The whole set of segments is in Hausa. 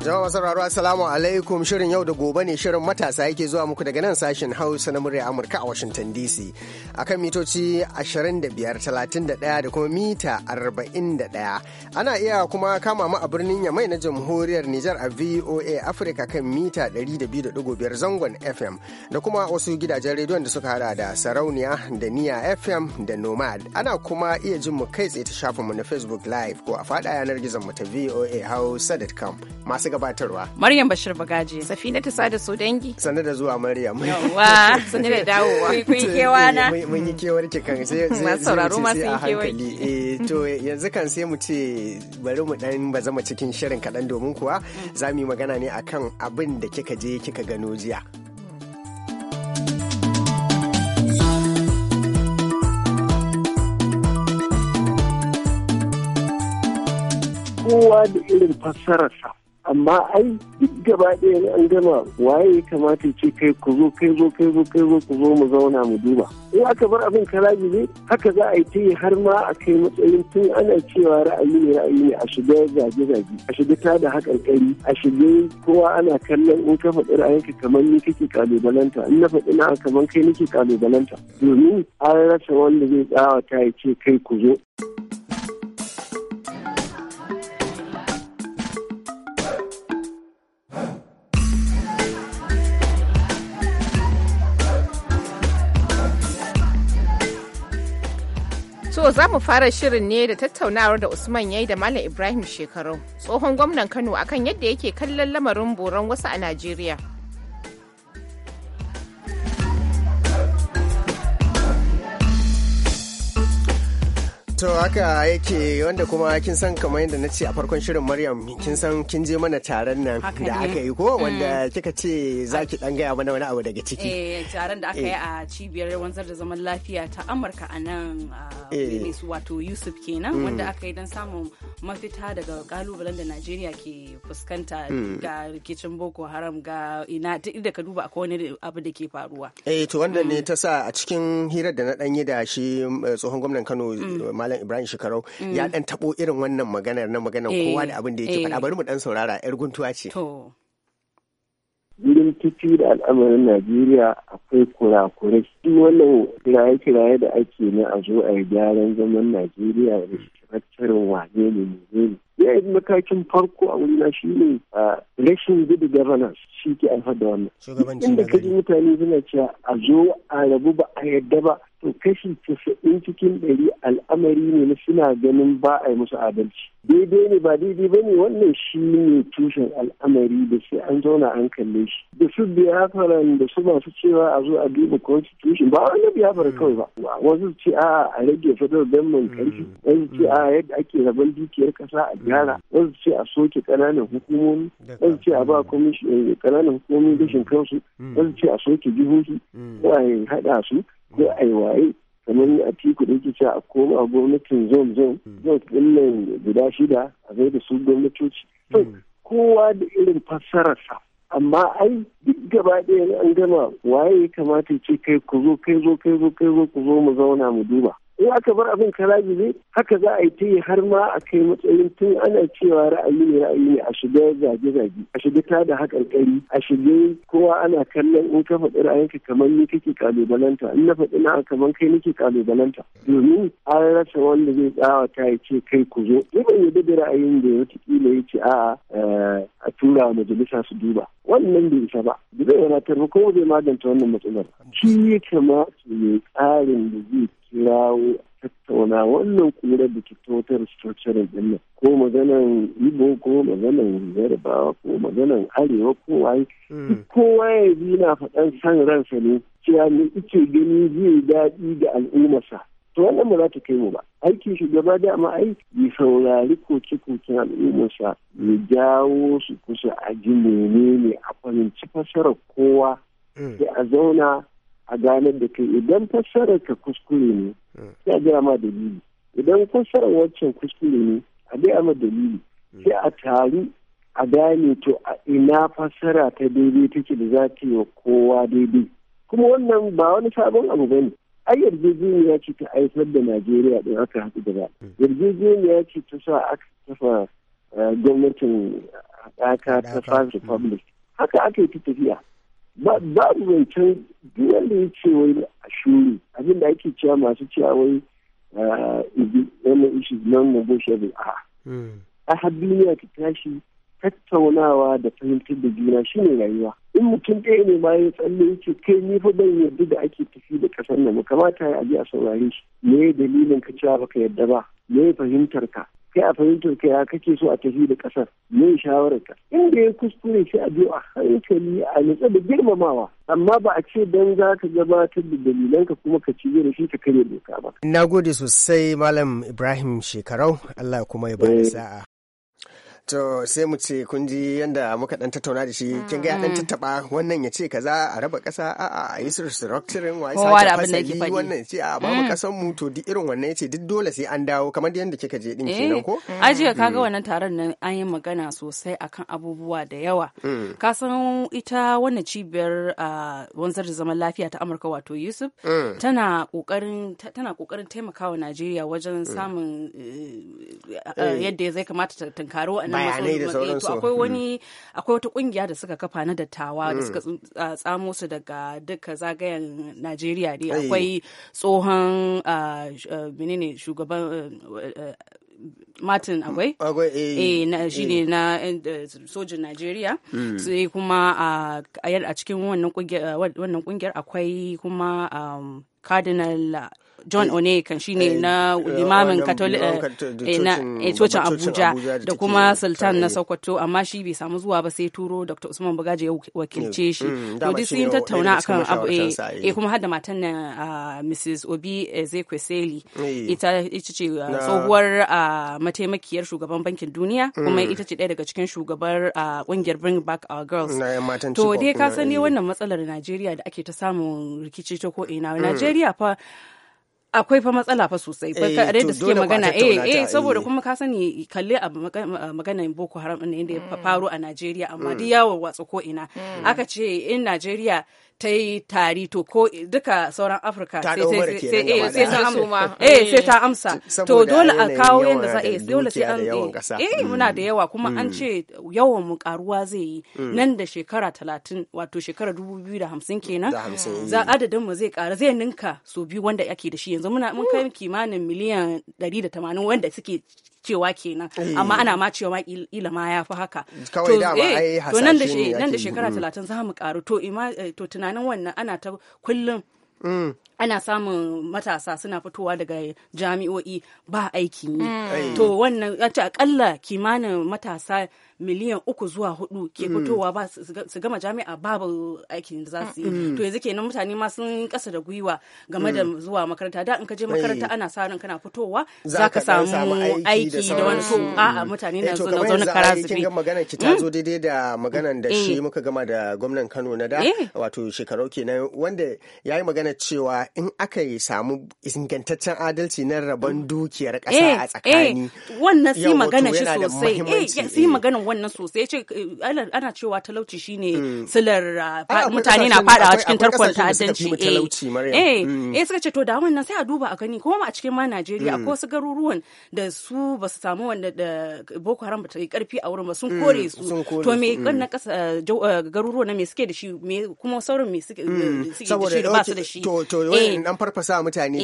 Jama'a sauraro Assalamu alaikum shirin yau da gobe ne shirin matasa yake zuwa muku daga nan sashen Hausa na murya Amurka a Washington DC akan mitoci 25.31 da kuma mita 41. Ana iya kuma kama mu a birnin Yamai na Jamhuriyar Nijar a VOA Africa kan mita 200.5 zangon FM da kuma wasu gidajen rediyon da suka hada da Sarauniya da Niya FM da Nomad. Ana kuma iya jin mu kai tsaye ta shafinmu na Facebook Live ko a faɗa yanar gizon mu ta VOA Hausa.com. Masu gabatarwa. Maryam Bashir Bagaji. Safina ta sada su dangi. Sannu da zuwa Maryam. Yawwa. Sannu da dawowa. Kun yi kewa na. Mun yi kewar ki kan sai mu sauraro ma sun hankali. kewar eh, to yanzu kan sai mu ce bari mu dan zama cikin shirin kaɗan domin kuwa za mu yi magana ne akan abin da kika je kika gano jiya. kowa da irin fassararsa amma ai duk gaba ɗaya an gama waye ya kamata ce kai ku zo kai zo kai zo kai zo ku zo mu zauna mu duba in aka bar abin kalabi ne haka za a yi ta yi har ma a kai matsayin tun ana cewa ra'ayi ne ra'ayi ne a shiga zage zage a shiga ta da haƙarƙari a shiga kowa ana kallon in ka faɗi ra'ayinka kamar ni kake kalubalanta in na faɗi na kamar kai nake kalubalanta domin an rasa wanda zai tsawata ya ce kai ku zo. za mu fara shirin ne da tattaunawar da Usman ya yi da Malam Ibrahim shekaru tsohon gwamnan Kano akan yadda yake kallon lamarin boron wasu a Najeriya. To haka yake wanda kuma kin san kamar yadda na ce a farkon shirin Maryam kin san kin je mana taron nan da aka yi ko mm. wanda kika ce za ki dan gaya mana wani abu daga ciki. Eh taron da aka yi eh. a cibiyar wanzar da zaman lafiya ta Amurka a nan Venice eh. wato Yusuf kenan mm. wanda aka yi don samun mafita daga kalubalen da Najeriya ke fuskanta mm. ga rikicin Boko Haram ga ina da ka duba akwai wani abu da ke faruwa. Eh to wanda ne ta sa a cikin hirar da na yi da shi eh, tsohon gwamnan Kano malam ibrahim shekarau mm. ya dan tabo irin wannan maganar na maganar kowa da eh, abin da yake eh. faɗa bari mu dan saurara yar guntuwa ce gidan titi da al'amarin Najeriya akwai kurakurai. Shi wannan kiraye-kiraye da ake ne a zo a yi gyaran zaman Najeriya da tattarin wane ne ne ne. ya yi matakin farko a wurina shi ne rashin gudu governance shi ke haifar da wannan inda ka mutane suna cewa a zo a rabu ba a yadda ba to kashi casa'in cikin ɗari al'amari ne na suna ganin ba a yi musu adalci daidai ne ba daidai ba ne wannan shi ne tushen al'amari da sai an zauna an kalle shi da su biyafaran da su masu cewa a zo a duba constitution ba wani biyafar mm. kawai ba wasu ce a a rage federal man karfi mm. wasu ce a yadda ake rabon dukiyar kasa a gyara mm. wasu ce a soke ƙananan hukumomi wasu ce a ba ƙananan eh, hukumomi gashin kansu wasu ce a soke jihohi ko a haɗa su ko a yi waye kamar a tiku da yake a koma gwamnatin zon zon hmm. zon ɗin guda shida a zai da su gwamnatoci hmm. kowa da irin fassararsa amma ai duk gaba ɗaya an gama waye ya kamata ce kai ku zo kai zo kai zo kai zo ku zo mu zauna mu duba in aka bar abin karagibe haka za a yi ta yi har ma a kai matsayin tun ana cewa ra'ayi ne ra'ayi ne a shiga zage-zage a shiga ta da haƙarƙari a shiga kowa ana kallon in ka faɗi ra'ayinka kamar ni kake kalubalanta in na faɗi na kamar kai nake kalubalanta domin an rasa wanda zai tsawata ya ce kai ku zo ni ban yarda da ra'ayin da wataƙila ya ce a'a eh, a tura majalisa su duba wannan bai isa ba zai yana ba zai magance wannan matsalar shi ya kamata ne tsarin da zai kirawo tattauna wannan kura da ke totar structural din ko maganan ibo ko maganan yarbawa ko maganan arewa ko waye hmm. kowa ya bi na faɗan san ransa ne cewa ne ike gani zai daɗi da al'ummarsa to wannan ba za ta kai mu ba aikin shugaba dama ai ya saurari koke kokin al'ummarsa ya jawo su kusa a ji menene a fahimci fasarar kowa hmm. sai a zauna a ganar da kai idan fassarar ka kuskure ne hmm. sai a ma dalili idan fassarar waccan kuskure ne a gaya ma dalili hmm. sai a taru a gane to a ina fassara ta daidai take da za ta yi kowa daidai kuma wannan ba wani sabon abu ba ne ai yarjejeniya ce ta haifar da najeriya ɗin aka haɗu gaba hmm. yarjejeniya ce ta sa aka kafa eh, gwamnatin haɗaka ta fasa republic haka aka yi ta tafiya ba mai can duk da ya ce wai a shuri abin da ake cewa masu cewa wai eh, wannan ishi nan na bushe da a a har ta tashi tattaunawa da fahimtar da juna shine rayuwa in mutum ɗaya ne ma ya tsalle ce kai ni fa ban yarda da ake tafi da ƙasar nan kamata a je a saurare shi me dalilin ka cewa baka yarda ba me fahimtar ka kai a fahimtar kai ya kake so a tafi da kasar ne shawarar ka inda ya kuskure sai a biyo a hankali a nutsa da girmamawa amma ba a ce dan za ka gabatar da dalilan ka kuma ka ci da shi ka karya doka ba na gode sosai malam ibrahim shekarau allah kuma ya bada eh. sa'a to sai mu ce kun ji yanda muka dan tattauna da shi kin ga dan mm. tattaba wannan ya ce kaza a raba kasa a a a yi restructuring wa sai fasali wannan ce a ba mu kasan mm. mu to duk irin wannan ya ce duk dole sai an dawo kamar yanda kika je din kenan eh. ko ajiya kaga mm. wannan taron nan an yi magana sosai akan abubuwa da yawa ka san ita wannan cibiyar wanzar da zaman lafiya ta Amurka wato Yusuf tana kokarin tana kokarin taimakawa Najeriya wajen samun eh, eh, yadda zai kamata ta tunkaro a Eh, akwai hmm. wani akwai wata kungiya da suka kafa na dattawa da hmm. suka tsamo su daga duka zagayen Najeriya dai akwai tsohon menene shugaban martin hmm. agwai shine eh, eh, na sojin najeriya sai kuma a cikin wannan kungiyar akwai kuma um, cardinal john eh, onekan ne eh, na eh, limamin cocin abuja da kuma sultan na sokoto amma shi bai samu zuwa ba sai turo dr usman bugaje ya wakilce shi mm, to duk sun tattauna akan abu eh kuma har matan na ah, mrs obi ezekwesili ita ita ce ah, tsohuwar ah, mataimakiyar shugaban bankin duniya mm. kuma ita ce ɗaya daga cikin shugabar kungiyar bring back our girls to dai ka ne wannan matsalar najeriya da ake ta samun rikici ta ko ina mm. najeriya fa akwai fa matsala fa sosai ba ka eh, da suke magana eh eh saboda kuma ka sani kalle a magana boko haram ne da ya mm. faru a Najeriya amma duk mm. yawo watsa ko ina mm. aka ce in Najeriya ta yi tari to ko duka sauran afirka sai ta eh, amsa eh sai ta eh. amsa to dole a kawo yadda za a dole sai an eh muna mm. da yawa kuma an mm. ce yawan mu karuwa zai yi mm. nan da shekara talatin wato shekara dubu biyu da hamsin kenan za adadin mu zai kara zai ninka so biyu wanda ake da shi yanzu muna mun kai kimanin miliyan dari da tamanin wanda suke cewa kenan eh. amma ana ma cewa ila ma ya fi haka eh, to nan da shekara mm. talatin za mu karu eh, to tunanin wannan ana ta kullum mm. ana samun matasa suna fitowa daga jami'o'i ba aiki yi mm. to wannan a akalla kimanin matasa miliyan uku zuwa hudu ke mm. fitowa ba su gama jami'a babu aikin da za su yi mm. to yanzu kenan mutane ma sun kasa da gwiwa game da mm. zuwa makaranta da in ka je makaranta ana sa ran kana fitowa za ka samu aiki da wani to a'a mutane na eh, zo na zaune kara zube kin ga magana ki ta zo daidai da maganan da shi eh. muka gama da gwamnan Kano na da eh. wato shekarau kenan wanda yayi magana cewa in aka yi samu ingantaccen adalci na rabon dukiyar kasa a tsakani wannan sai magana shi sosai eh sai magana wannan sosai ce eh, ana cewa talauci shine hmm. silar ah, mutane na fadawa cikin tarkon ta'addanci eh eh. Hmm. eh suka ce to da wannan sai a duba a gani kuma a cikin ma Najeriya hmm. ko su garuruwan da su ba su samu wanda da Boko Haram ba ta yi karfi a wurin ba sun kore su to me wannan eh, garuruwa na me suke da shi kuma sauran me suke da shi da ba su da shi to to dan farfasa mutane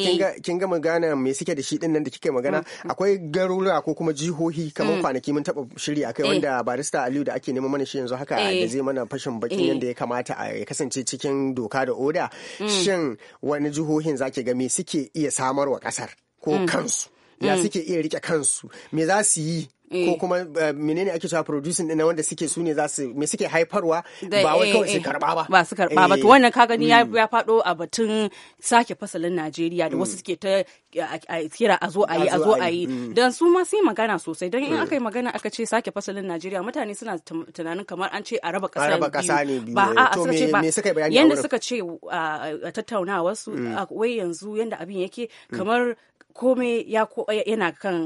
kin ga magana me suke da shi din nan da kike magana akwai garuruwa ko kuma jihohi kamar kwanaki mun taba shiri akai wanda barista aliyu da ake neman mana shi yanzu haka eh. da zai mana fashin bakin eh. yadda ya kamata a kasance cikin doka da oda mm. shin wani jihohin zaki ga me suke iya samarwa kasar ko mm. kansu ya mm. suke iya rike kansu me za su yi Eh. ko kuma eh, menene ake cewa producing din wanda suke su ne za su me suke haifarwa ba wai eh, kawai su karba ba ba su karba ba to wannan ka gani ya mm. fado a batun sake fasalin Najeriya da wasu mm. suke ta kira a zo a yi a zo a yi mm. dan su ma sai magana sosai dan in aka yi magana aka ce sake fasalin Najeriya mutane suna tunanin kamar an ce a raba kasa biyu ba a suka ce ba yanda suka ce a tattaunawar su wai yanzu yanda abin yake kamar komai ya yana kan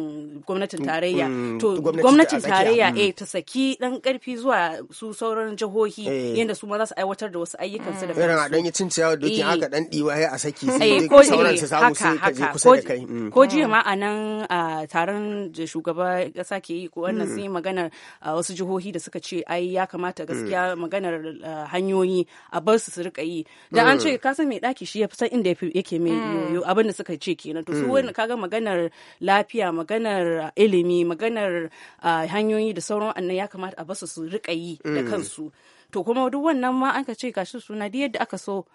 gwamnatin mm, tarayya mm, to gwamnatin tarayya mm. eh ta saki dan karfi zuwa su sauran jihohi eh. yanda su ma za su aiwatar da wasu ayyukan su da kansu irin a dan yi cinciya da dokin eh. haka dan diwa ya a saki sai eh, sauran su samu sai ka je kusa da kai ko ji ma anan taron da shugaba kasa ke yi ko wannan sai yi maganar wasu jihohi da suka ce ai ya kamata gaskiya maganar hanyoyi a bar su su rika yi dan an ce ka san mai daki shi ya fi san inda yake mai yoyo abin da suka ce kenan to su wani kaga maganar lafiya maganar uh, ilimi maganar uh, hanyoyi da sauran annan ya kamata a basu su rika yi da mm. kansu to kuma duk wannan ma an ka ce gashi suna duk yadda aka so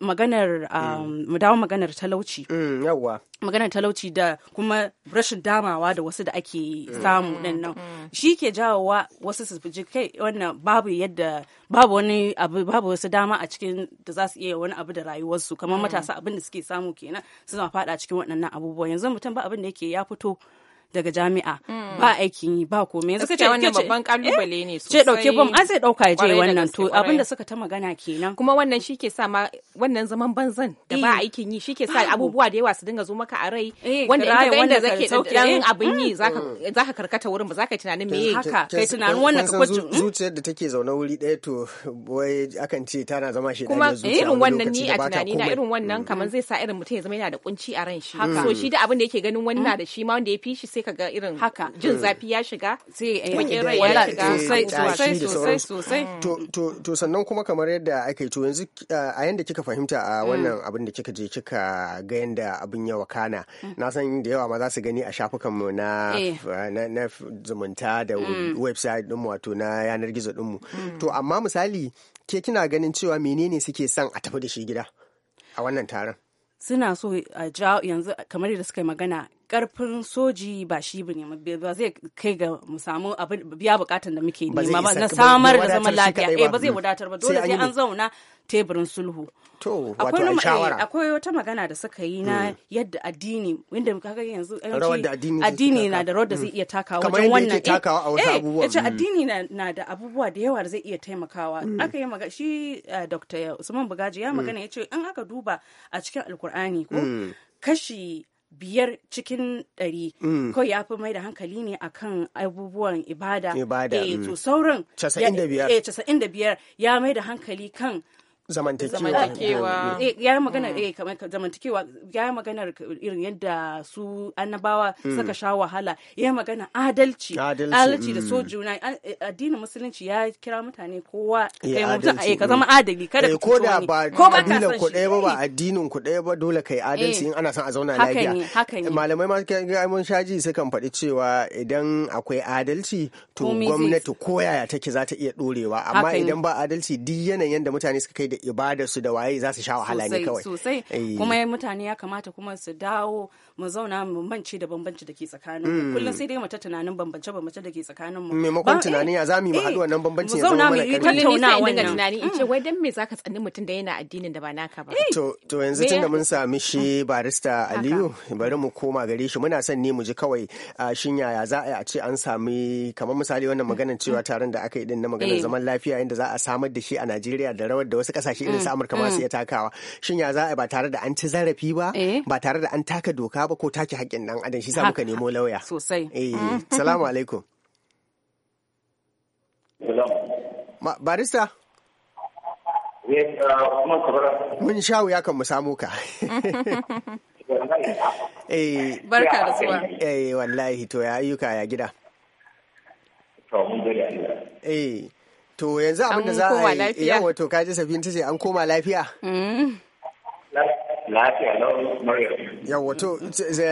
maganar um, mm. mu dawo maganar talauci mm, yawwa maganar talauci da kuma rashin damawa da wasu da ake mm. samu din nan shi ke jawowa wasu su fi kai wannan babu yadda babu wani abu babu wasu dama a cikin da za su iya wani abu da rayuwarsu kamar matasa abin da suke samu kenan suna fada cikin waɗannan abubuwa yanzu mutum ba abin da yake ya fito daga jami'a hmm. ba aikin yi ba komai yanzu kace wannan babban kalubale ne sosai ce dauke bom an sai dauka je wannan to abinda suka ta magana kenan kuma wannan shike sa ma wannan zaman banzan da ba eh. aikin yi shike sa abubuwa da yawa su dinga zo maka a rai eh, wanda in ga wanda zake dan abin yi mm. zaka zaka karkata wurin ba zaka tunanin me haka kai tunanin wannan ka kwaje mm? zuciyar da take zaune wuri daya to wai akan ce tana zama shi da zuciya kuma irin wannan ni a tunani na mm. irin wannan kaman zai sa irin mutum ya zama yana da kunci a ran shi so shi da abin da yake ganin wani na da shi ma wanda ya fi shi sai sai kaga irin haka jin mm. zafi ya shiga sai eh, ya sosai sosai to sannan kuma kamar yadda aka yi to yanzu a yanda kika fahimta a mm. wannan abin da kika je kika ga yanda abin ya wakana mm. na san da yawa ma za su gani a shafukan mu na eh. na zumunta da website din wato na yanar gizo din mu to amma misali ke kina ganin cewa menene suke son a tafi da shi gida a wannan taron suna so a jawo yanzu kamar yadda suka yi magana karfin soji ba shi ba ne ba zai kai ga mu samu abin biya bukatan da muke nema ba na samar da zaman lafiya eh ba zai mm. wadatar ba dole sai an zauna teburin sulhu to wato eh, shawara akwai wata magana da suka yi na mm. yadda addini wanda kaga yanzu addini na da rawar da zai mm. iya takawa wajen wannan eh, eh yace addini na da abubuwa da yawa da zai iya taimakawa aka yi magana shi eh, Dr. Usman Bugaji ya magana yace in aka duba a cikin Alkur'ani ko kashi biyar cikin ɗari mm. kawai ya fi mai da hankali ne a kan abubuwan ibada ibada e, to mm. sauran eh, casa'in da biyar ya mai da hankali kan zamantakewa eh, ya magana eh kamar zamantakewa ya magana irin yadda su annabawa hmm. suka sha wahala ya magana adalci adalci da so hmm. juna eh, addinin musulunci ya kira mutane kowa eh, kai mutum eh ka zama hmm. adali kada ko da ba kabilan ku ɗaya ba ba addinin ku ɗaya ba dole kai adalci in ana son a zauna lafiya malamai ma ga mun shaji sukan faɗi cewa idan akwai adalci to gwamnati koyaya take za ta iya ɗorewa amma idan ba adalci duk yanayin da mutane suka kai da ibada su da waye za su sha wahala ne kawai sosai eh. kuma mutane ya kamata kuma su dawo mu zauna mu bambance da bambanci da ke tsakanin mu mm. kullum sai dai mu ta tunanin bambance bambance da ke tsakanin mu maimakon tunanin ya zamu yi mu eh, haɗu wannan bambancin ya zama mana kai tattauna wannan tunani in ce mm. wai dan me zaka tsanni mutun da yana addinin da ba naka ba eh. to to yanzu tunda mun sami shi barista Aliyu bari mu koma gare shi muna son ne mu ji kawai ah, shin yaya za a ce an sami kamar misali wannan maganar cewa mm. taron da aka yi din na maganar zaman lafiya inda za a samar da shi a Najeriya da rawar da wasu kasashe irin su mm, Amurka ma mm. su iya takawa shin ya za a ba tare da an ci zarafi ba eh. ba tare da an taka doka ba ko take haƙƙin dan adam shi sa muka nemo lauya sosai eh mm. salamu alaikum barista uh, mun sha wuya kan mu samu ka eh. barka da zuwa eh wallahi to ya ayyuka ya gida to mun gode Allah eh To yanzu abin da za a yi yawa to kaji sabin ta ce an koma lafiya. Lafiya na Maryam. Yawa to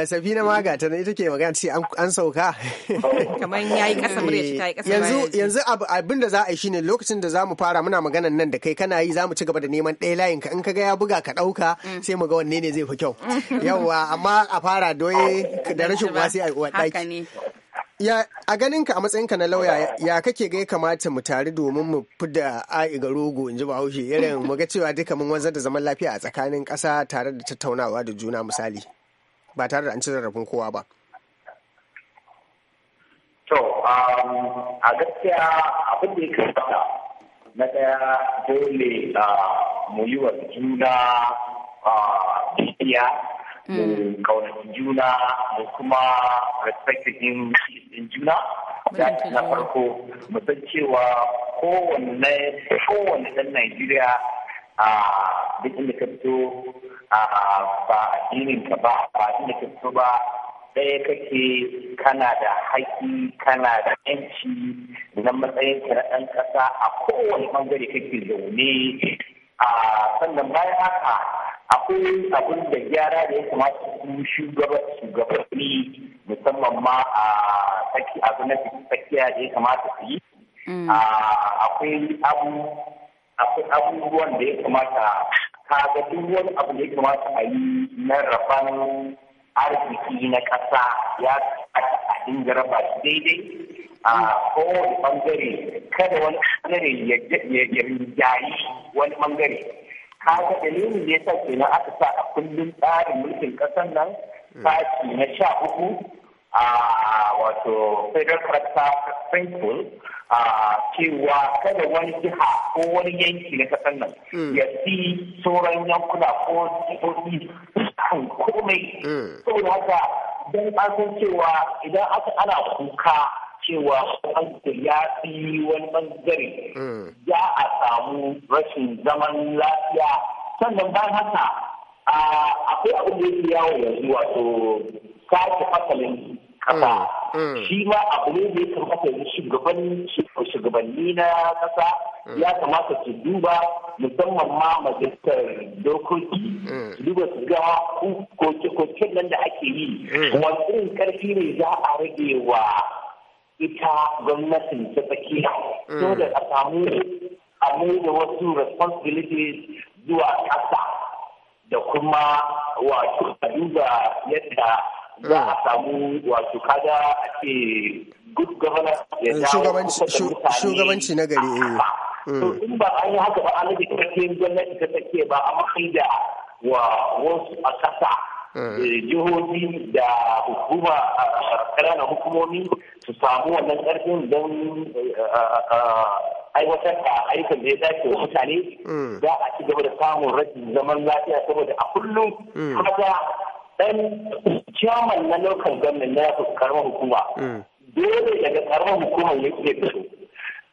Sabina ma ga ta ita ke magana ce an sauka. Kamar ya yi ƙasa murya shi ta yi ƙasa Yanzu yanzu abin da za a yi shi ne lokacin da za mu fara muna maganan nan da kai kana yi za mu ci gaba da neman ɗaya layin ka in ka ga ya buga ka ɗauka mm. sai mu ga wanne ne zai fi kyau. Yawwa amma a fara doye da rashin wasi a uwar ɗaki. ya a ganinka a matsayinka na lauya ya kake ga kamata mu tare domin mu fida ai ga rogo in ji bahaushe irin mu ga cewa duka mun wanzar da zaman lafiya a tsakanin ƙasa tare da tattaunawa da juna misali ba tare da an ci zarafin kowa ba to um, a gaskiya abin da ya kamata na ɗaya dole uh, mu yi wa juna uh, biyayya Mm. kaunaci juna da kuma respecting din juna na farko musan cewa kowane kowanne dan Najeriya a duk inda ka fito a ba addinin ka ba ba inda ka fito ba ɗaya kake kana da haƙƙi kana da yanci na matsayin ka na ɗan ƙasa a kowane ɓangare kake zaune a sannan bayan haka akwai abin da gyara da ya kamata su shugabanni musamman ma a tsaki a na tsakiya da ya kamata su yi mm. akwai abubuwan da ya kamata kaga duk wani abu da ya kamata a yi na rafan arziki na ƙasa ya a ɗin raba shi daidai a kowane bangare kada wani bangare ya yi wani bangare haka dalilin da ya sa kenan aka sa a kundin tsarin mulkin ƙasar nan hmm. sashi na sha uku a wato federal character principle a cewa kada wani jiha ko wani yanki na ƙasar nan hmm. ya fi sauran yankuna ko jihohi kan komai hmm. saboda haka don an cewa idan aka ana kuka cewa hankali ya fi wani bangare za a samu rashin zaman lafiya sannan bayan haka akwai abin da yake yawo yanzu wato sake fasalin kasa shi ma abu ne da ya kamata yanzu shugabanni na kasa ya kamata su duba musamman ma majalisar dokoki su duba su ga koke-koken nan da ake yi wani irin karfi ne za a rage wa ita gwamnatin ta tsakiya so mm. da a samu a da wasu responsibilities zuwa ƙasa da kuma wato a duba yadda za a mm. samu wato kada a ce good governance ya mm, dawo shugabanci na gari So eh. in ba an yi haka ba an rage gwamnati ta tsakiya ba a mafi da wa wasu a ƙasa Eh, jihohi da hukuma a ƙananan hukumomi su samu wannan ƙarfin don eh, aiwatar da aikin da ya dace wa mutane hmm. za a ci gaba da samun rashin zaman lafiya saboda a kullum hmm. kaga ɗan ciyaman na lokal gwamnati na karamar hukuma hmm. dole daga karamar hukumar ya ke fito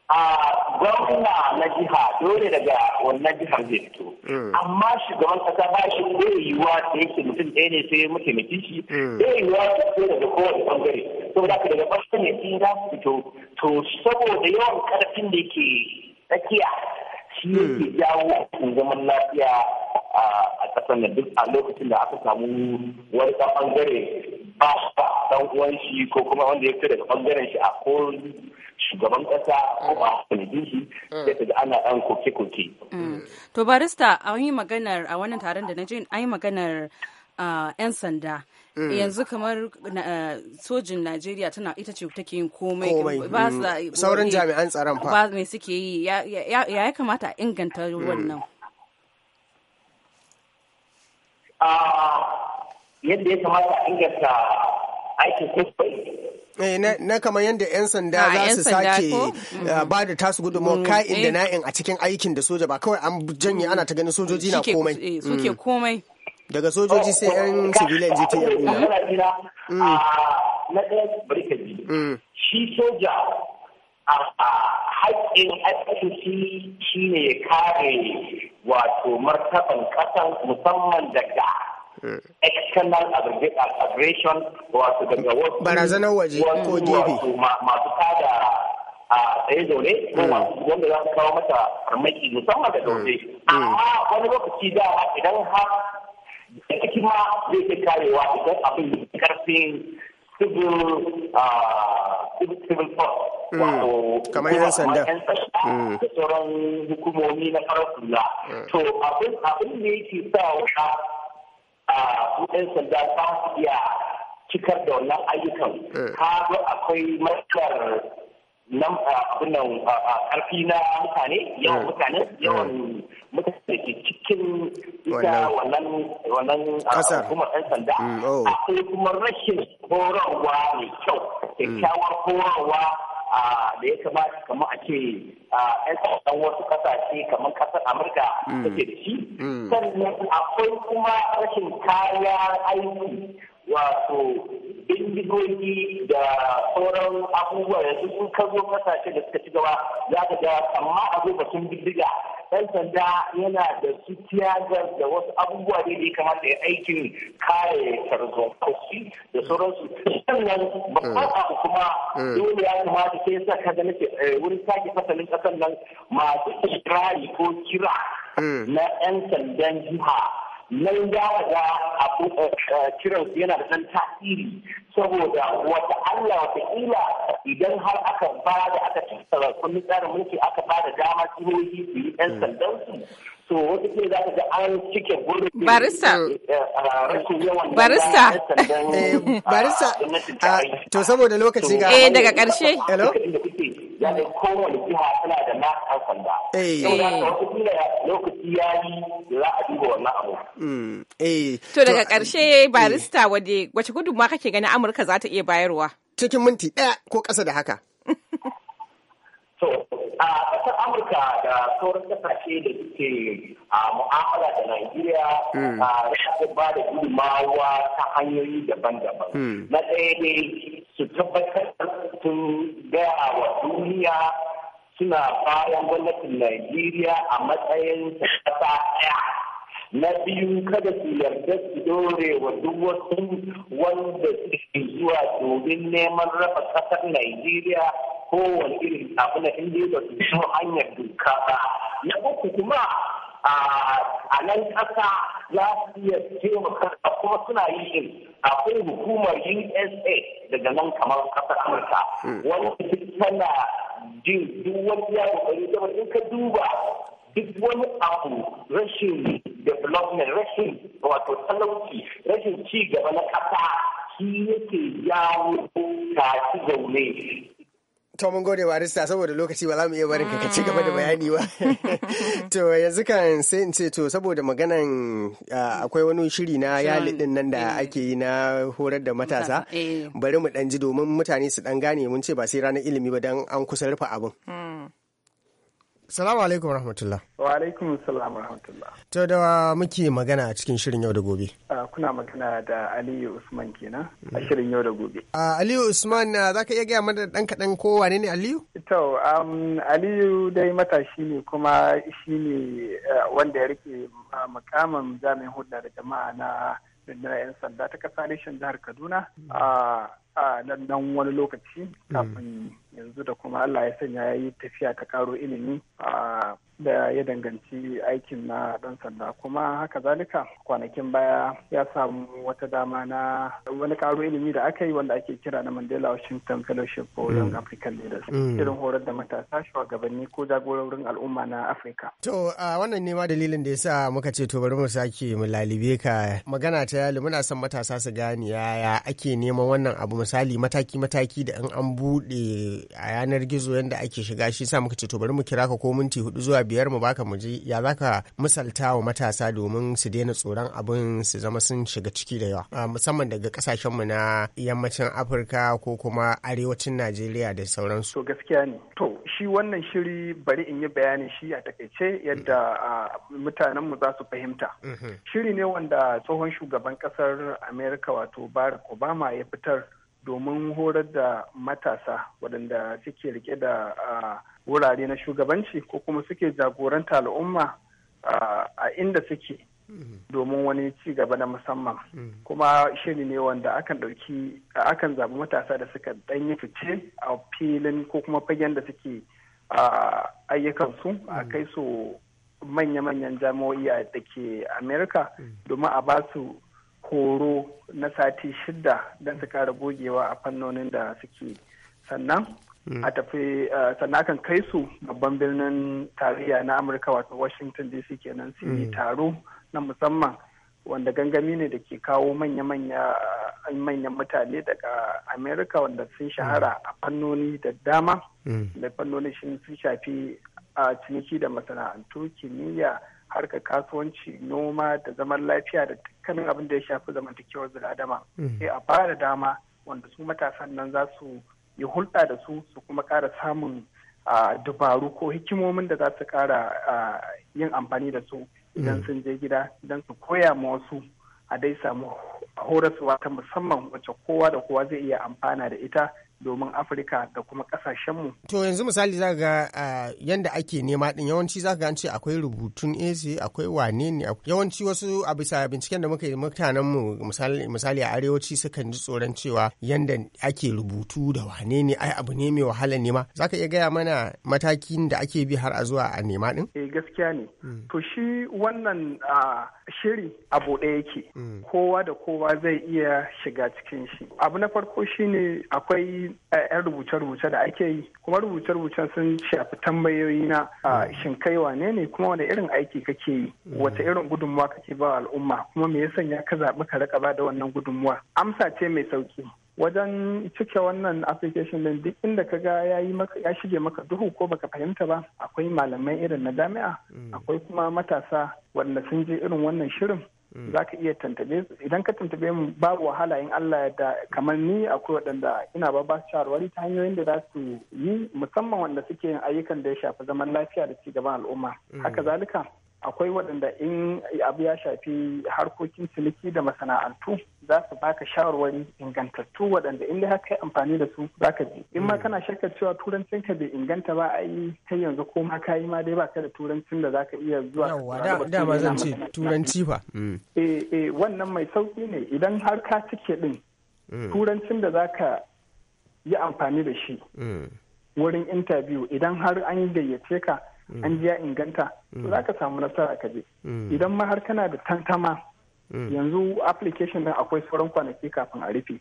a gwamna na jiha dole daga wannan jihar zai fito mm. amma shugaban kasa ba shi zai yiwuwa da yake mutum ɗaya ne sai mataimakin shi mm. zai yiwuwa da fito daga kowane bangare da ka daga sai za su fito to saboda yawan karfin da yake tsakiya shi yake mm. jawo zaman lafiya a ƙasar nan duk a lokacin da aka samu wani ɗan bangare ba ɗan uwan shi ko kuma wanda ya fito daga bangaren shi a ko shugaban kasa ko a telebishi mm. sai ka ana ɗan koke-koke. Mm. To barista a yi maganar a wannan taron da na je an yi maganar 'yan sanda. Mm. yanzu kamar sojin Najeriya tana ita ce take yin komai sauran jami'an tsaron fa ba me suke yi ya ya kamata a inganta wannan ah, yadda ya kamata a inganta aikin kuskure Eh, na kamar yadda 'yan sanda ah, za su sake eh, mm-hmm. ba da tasu gudunmawar mm, ka'in da eh. na'in a cikin aikin da soja ba kawai an janye ana ta ganin sojoji na komai suke mm. komai daga sojoji sai 'yan civilian gtf mm. ah, na ɗaya birkaji shi soja a haƙƙin FCC shi ne ya kare wato martaban ƙasan musamman daga external aggression wato daga wasu barazanar waje ko gebe masu tada a tsaye zaune ko hmm. wanda za su kawo mata farmaki musamman da zaune hmm. Hmm. amma wani lokaci da idan ha da ma zai ke karewa idan abin karfin civil civil force kamar yan sanda da sauran hukumomi na farar hula to abin ne da yake sa wata a yan sanda ba su iya cikar da wannan ayyukan eh. ga akwai matsar nan abin karfi na mutane eh. yawan mutane eh. yawan mutane ke cikin ita wannan hukumar ɗan sanda mm, oh. akwai kuma rashin horarwa mai kyau mm. kyakkyawar horarwa da ya kamata kamar a ce yan ƙasashen wasu ƙasashe kamar ƙasar amurka take mm. da shi mm. sannan akwai kuma rashin kariya aiki wato Indigoji da sauran abubuwa yanzu sun ka zo kasashe da suka ci gaba za ka ga amma a zo bindiga ɗan sanda yana da su tiyagar da wasu abubuwa da ya kamata ya aikin kare tarzon da sauransu sannan babban abu eh. kuma eh. dole ya kamata sai sa ka ga nake eh, wurin sake fasalin ƙasar nan masu ikirari ko kira na 'yan sandan jiha nan ya wada abu eh, eh, kiran yana da ɗan tasiri saboda wata Allah wata ila idan har aka ba da aka tattara kundin tsarin mulki aka ba da dama jihohi su yi ɗan su so wata ce za ka ga an cike gurbin eh, barista barista barista ah, ah, to saboda lokaci ga eh daga ƙarshe hello zaɓe kowane jiha tana da na ɗan sanda. Yau da lokaci ya yi za a duba wannan abu. Mm, eh. To daga ƙarshe eh. barista wace ma kake ganin Amurka za ta iya bayarwa? Cikin minti ɗaya ko ƙasa da haka. To a ƙasar amurka da sauran kasashe da suke a mu'amala da najeriya hmm. a rashin ba da gudunmawa ta hanyoyi daban-daban hmm. na ɗaya ne su tabbatar sun gaya wa duniya suna bayan gwamnatin najeriya a matsayin ƙasa ɗaya na biyu kada su yarda su dore wa duk wasu wanda suke zuwa domin neman raba ƙasar najeriya kowane irin abu na inda ba zafi shi hanyar doka ba na uku kuma a nan ƙasa za su iya taimaka kuma suna yi in akwai hukumar usa daga nan kamar ƙasar amurka hmm. wanda duk tana jin duk wani ya kokari saboda in ka duba duk wani abu rashin development rashin wato talauci rashin ci gaba na ƙasa shi yake jawo tashi zaune to mun gode barista saboda lokaci ba za mu iya barin ka ci gaba da ah. bayani ba to yanzu kan sai in ce to saboda maganan ah, akwai wani shiri na yali din nan da eh. ake yi na horar da matasa eh. bari mu dan ji domin mutane su dan gane mun ce ba sai ranar ilimi ba dan an kusa rufe abin hmm. Salamu alaikum rahmatullah. Wa alaikum salam rahmatullah. To da muke magana a cikin shirin yau da gobe. Kuna magana da Aliyu Usman kenan a shirin yau da gobe. Aliyu Usman za ka iya gaya mana ɗan kaɗan ko wane ne Aliyu? To um, Aliyu dai matashi ne kuma shi ne wanda ya rike mukamin jami'in hulɗa da jama'a na rundunar 'yan sanda ta kasa reshen jihar Kaduna a nan wani lokaci mm. kafin yanzu da kuma Allah ya sanya ya yi tafiya ta karo ilimi a da ya danganci aikin na dan sanda kuma haka zalika kwanakin baya ya samu wata dama na wani karo ilimi da aka yi wanda ake kira na Mandela Washington Fellowship for Young mm. African Leaders mm. irin horar da matasa shugabanni ko jagororin al'umma na Afirka. To a wannan ne ma dalilin da yasa muka ce to bari mu sake mu lalibe ka magana ta yali muna son matasa su gane yaya ake neman wannan abu misali mataki mataki da in an buɗe a yanar gizo yadda ake shiga shi sa muka ce to bari mu kira ka ko minti hudu zuwa biyar mu baka mu ji ya zaka misalta wa matasa domin su daina tsoron abin su zama sun shiga ciki da yawa ah, musamman daga kasashen mu na yammacin Afirka ko kuma arewacin Najeriya da sauransu. To gaskiya ne. To shi wannan shiri bari in yi bayani shi a takaice yadda ah, mutanen mu za su fahimta. Mm-hmm. Shiri ne wanda tsohon shugaban kasar Amerika wato Barack Obama ya fitar domin horar da matasa waɗanda suke rike da wurare na shugabanci ko kuma suke jagoranta al'umma a inda suke domin wani ci gaba na musamman kuma shiri ne wanda akan ɗauki akan zaɓi matasa da suka ɗanyi fice a filin ko kuma fagen da suke ayyukansu a kai su manya-manyan jami'o'i da ke amerika domin a ba su horo na sati shida don su kara gogewa a fannonin da suke sannan mm. a tafi sannan kan kai su babban birnin tarayya na amurka wato washington dc kenan su yi mm. taro na musamman wanda gangami ne da ke kawo manya-manya manyan mutane daga amerika wanda sun shahara mm. a fannoni da dama da fannoni sun shafi a ciniki da masana'antu kimiyya harkar kasuwanci noma da zaman lafiya da dukkanin abin da ya shafi zamantakewar Adama. Mm. sai a fara dama wanda su matasan nan za su yi hulɗa da su su kuma ƙara samun dubaru ko hikimomin da za su ƙara yin amfani da su idan mm. sun je gida idan su koya ma wasu a dai samu horaswa ta musamman wacce kowa da kowa zai iya amfana da ita domin afirka da kuma kasashen mu. to yanzu misali za ga yanda ake nema din yawanci za ga an ce akwai rubutun ac akwai wane ne yawanci wasu a bisa binciken da muka yi mutanen mu misali a arewaci sukan ji tsoron cewa yanda ake rubutu da wane ne ai abu ne mai wahala nema za ka iya gaya mana matakin da ake bi har a zuwa a nema din. eh gaskiya ne hmm. to shi wannan shiri abu ɗaya yake hmm. kowa da kowa zai iya shiga cikin shi abu na farko shine akwai akwai 'yan rubuce-rubuce da ake yi kuma rubuce-rubucen sun shafi tambayoyi na shin kai wane ne kuma wani irin aiki kake yi wata irin gudunmuwa kake ba al'umma kuma me ya sanya ka zaɓi ka raka ba da wannan gudunmuwa amsa ce mai sauki wajen cike wannan application din duk inda ka ga ya yi maka ya shige maka duhu ko baka fahimta ba akwai malamai irin na jami'a mm. akwai kuma matasa wanda sun je irin wannan shirin Mm. za ka iya tantabe idan ka tantabe mu babu wahala in Allah ya da kamar ni akwai waɗanda ina ba ba su shawarwari ta hanyoyin da za su yi musamman wanda suke yin ayyukan da ya shafi zaman lafiya da ci gaban al'umma mm. haka zalika akwai waɗanda in abu ya shafi harkokin ciniki da masana'antu za su baka shawarwari ingantattu waɗanda in dai kai amfani da su za ka ji in ma mm. kana shakkar cewa turancin ka bai inganta ba a yi kai yanzu ko ma ka yi ma dai ba ka da turancin da za ka iya zuwa da ba zan ce turanci ba mm. eh eh wannan mai sauki ne idan har ka cike din mm. turancin da za ka yi amfani da shi wurin interview idan har an gayyace ka Mm. an ji ya inganta to mm. za ka samu nasara ka je mm. idan ma har kana da tantama yanzu application din akwai sauran kwanaki kafin a rufe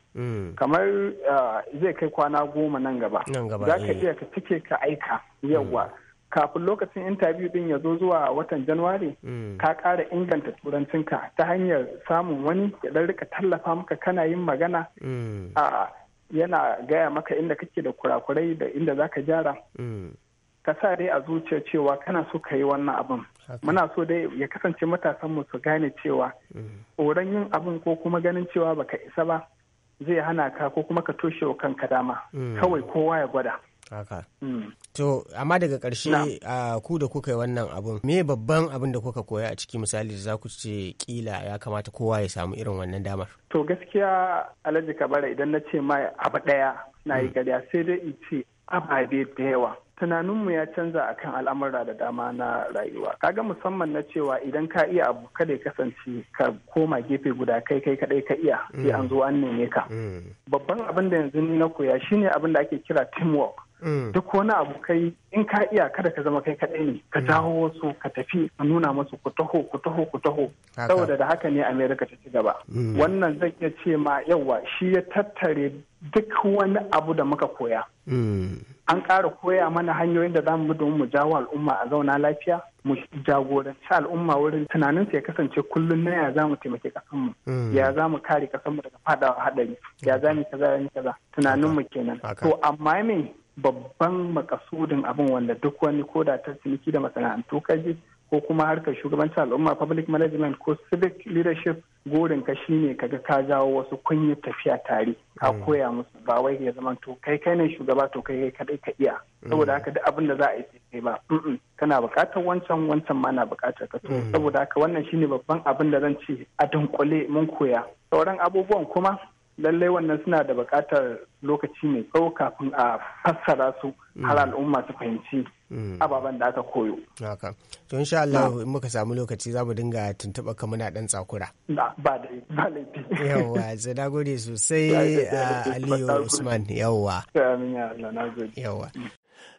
kamar ah, zai kai kwana goma nan gaba za ka iya ka cike ka aika yawa kafin lokacin interview din ya zo zuwa watan januwari ka kara inganta turancinka ta hanyar samun wani ya dan rika tallafa maka kana yin magana ah, yana gaya maka inda kake da kurakurai da inda za ka gyara ka sa dai a zuciya cewa kana so ka yi wannan abin muna so dai ya kasance matasan mu su gane cewa mm. tsoron yin abin ko kuma ganin cewa baka isa ba zai hana ka ko kuma ka toshe wa kanka dama mm. kawai kowa ya gwada haka mm. to amma daga ƙarshe ku da kuka yi wannan abin me babban abin da kuka koya a ciki misali da za ku ce kila ya kamata kowa ya samu irin wannan damar to gaskiya alhaji kabara idan na ce mai abu ɗaya na yi gariya sai dai in ce ababe da yawa tunaninmu ya canza akan al'amura da dama na rayuwa kaga musamman na cewa idan ka iya abu kada ya kasance ka koma gefe guda kai kai kadai ka iya sai an zo an neme ka mm. Mm. babban abin da yanzu ni na koya shine abin da ake kira teamwork mm. duk wani abu kai in ka iya kada ka zama kai kadai ne ka jawo wasu ka tafi ka nuna masu ku taho ku taho ku taho saboda da haka ne Amerika ta ci gaba wannan zan iya ce ma yauwa shi ya tattare duk wani abu da muka koya. Mm. An ƙara koya mana hanyoyin da za mu domin mu jawo al'umma a zauna lafiya, mu jagoranci al'umma wurin tunanin ya kasance kullum na ya za mu taimake kasanmu, mm. ya za mu kare kasanmu daga fadawa haɗari, ya za mu kaza ya kaza, tunanin mu kenan. To amma me babban makasudin abin wanda duk wani ko da ta ciniki da masana'antu kaji ko kuma harkar shugabancin al'umma public management ko civic leadership gorin ka shine kaga ka jawo wasu kunya tafiya tare ka mm. koya musu ba wai ya zama to kai kai ne shugaba to kai kai kadai ka iya saboda mm. haka duk abin da za a yi sai ba kana bukatar wancan wancan ma na bukatar ka mm. saboda haka wannan shine babban abin da zan ci a dunkule mun koya sauran abubuwan kuma lallai wannan suna da bukatar lokaci mai tsawo kafin a fassara su har mm. al'umma su fahimci mm. ababen da aka koyo. Haka. To insha Allah in muka samu lokaci za mu dinga tuntuɓa ka muna ɗan tsakura. Ba da ba laifi. Yawwa, na gode sosai ah, Aliyu Usman. Yawwa. Yawwa. Mm.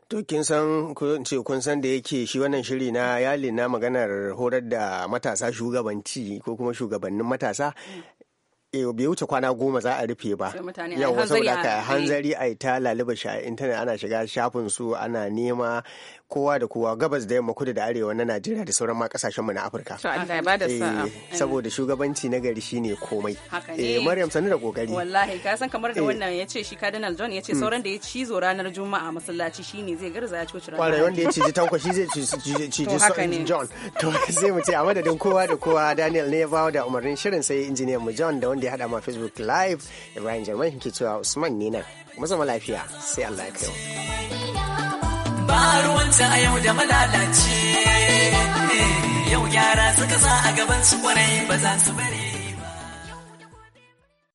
To kin san ce kun san da yake shi wannan shiri na yali na maganar horar da matasa shugabanci ko kuma shugabannin matasa Eh, bai wuce kwana goma za a rufe ba yawa saboda ka hanzari a ta laliba shi a intanet ana shiga shafin su ana nema kowa da kowa gabas da yamma kudu da arewa na najeriya da sauran ma kasashen mu na afirka eh, saboda shugabanci na gari shine komai eh maryam sanu da kokari wallahi ka san kamar da eh. wannan ya ce shi cardinal john ya ce mm. sauran da ya cizo ranar juma'a masallaci shine zai garza ya coci ranar kwarai wanda ya ciji tanko shi zai ciji john to sai mu ce a madadin kowa da kowa daniel ne ya bawa da umarnin shirin sai injiniyan mu john da wanda ya haɗa ma Facebook Live Ibrahim Jarmai ke cewa Usman ne nan. Mu zama lafiya sai Allah ya kai Ba ruwanta a yau da malalace eh, yau gyara suka sa a gaban su kwarai ba za su bari.